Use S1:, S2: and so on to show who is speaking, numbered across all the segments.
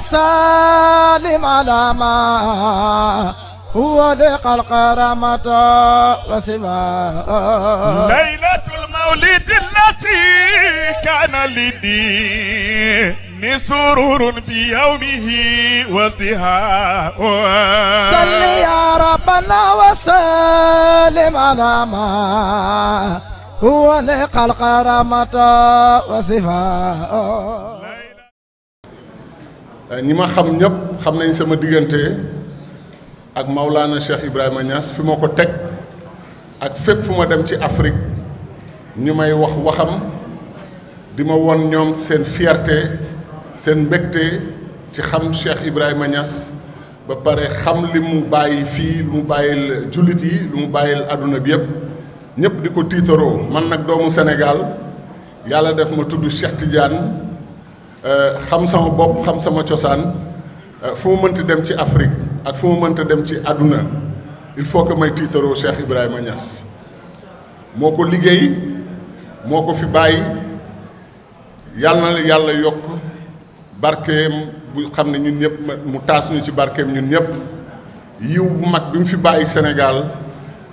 S1: السالم على ما هو لق القرامة وسواه ليلة المولد التي كان لدي سرور بيومه وضحاء صل يا ربنا وسلم على ما هو لقى القرامة وصفاء
S2: Eh, ñi ma xam ñëpp xam nañ sama diggante ak Maulana Cheikh Ibrahima nias fi ma ko teg ak fépp fu ma dem ci Afrique ñu may wax waxam di ma won ñoom seen fierté seen mbégte ci xam Cheikh Ibrahima nias ba pare xam li mu bàyyi fii lu mu bàyyil julit yi lu mu bàyyil aduna bi yëpp ñëpp di ko tiitaroo man nag doomu Sénégal yàlla def ma tudd Cheikh Tidiane Euh, xam sama bopp xam sama cosaan euh, fu mu mënti dem ci Afrique ak fu mu dem ci aduna il faut que may tiitaroo Cheikh Ibrahima Niass moo ko liggéey moo ko fi bàyyi yàlla na la yàlla yokk barkeem bu xam ne ñun ñëpp mu taas ñu ci barkeem ñun ñëpp yiw bu mag bi mu fi bàyyi Sénégal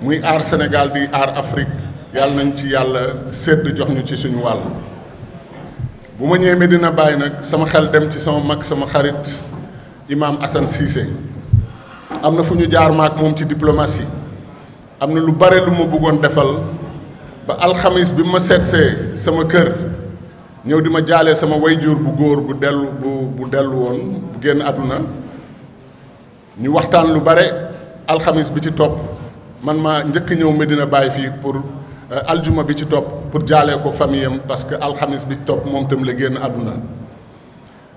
S2: muy aar Sénégal di aar Afrique yàlla nañ ci yàlla sedd jox ñu ci suñu wàll bu ma Medina Bay, nag sama xel dem ci sama mag sama xarit imam asan Cissé am na fu ñu jaar maak moom ci diplomatie am na lu bare lu ma bëggoon defal ba alxamis bi ma seetsee sama kër ñëw di ma jaalee sama wayjur bu góor bu dellu bu bu dellu woon bu génn àdduna ñu waxtaan lu bare alxamis bi ci topp man ma njëkk ñëw Medina Bay fii pour Euh, aljuma bi ci topp pour jaalee ko famille am parce que alxamis bi ci topp moom itam la génn àdduna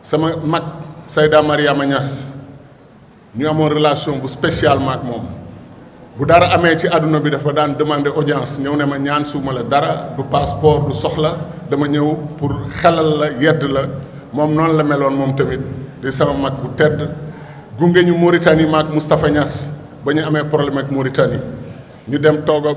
S2: sama mag Sayda Mariama Niass ñu amoon relation bu spécialement ak moom bu dara amee ci àdduna bi dafa daan demander audience ñëw ne ma ñaan suuma la dara du passeport du soxla dama ñëw pour xelal la yedd la moom noonu la meloon moom tamit di sama mag bu tedd gunge ñu Mauritanie maak Moustapha Niass ba ñu amee problème ak Mauritanie ñu dem toog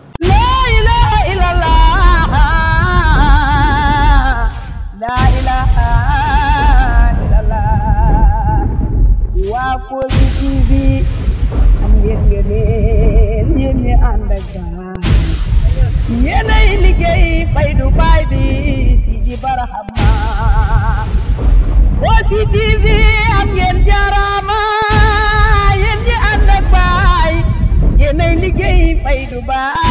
S1: ngeen yéen ñi ànd ak gaal yéenay liggéey bay du baay ji barahama am ngeen jaaraama yéen liggéey bay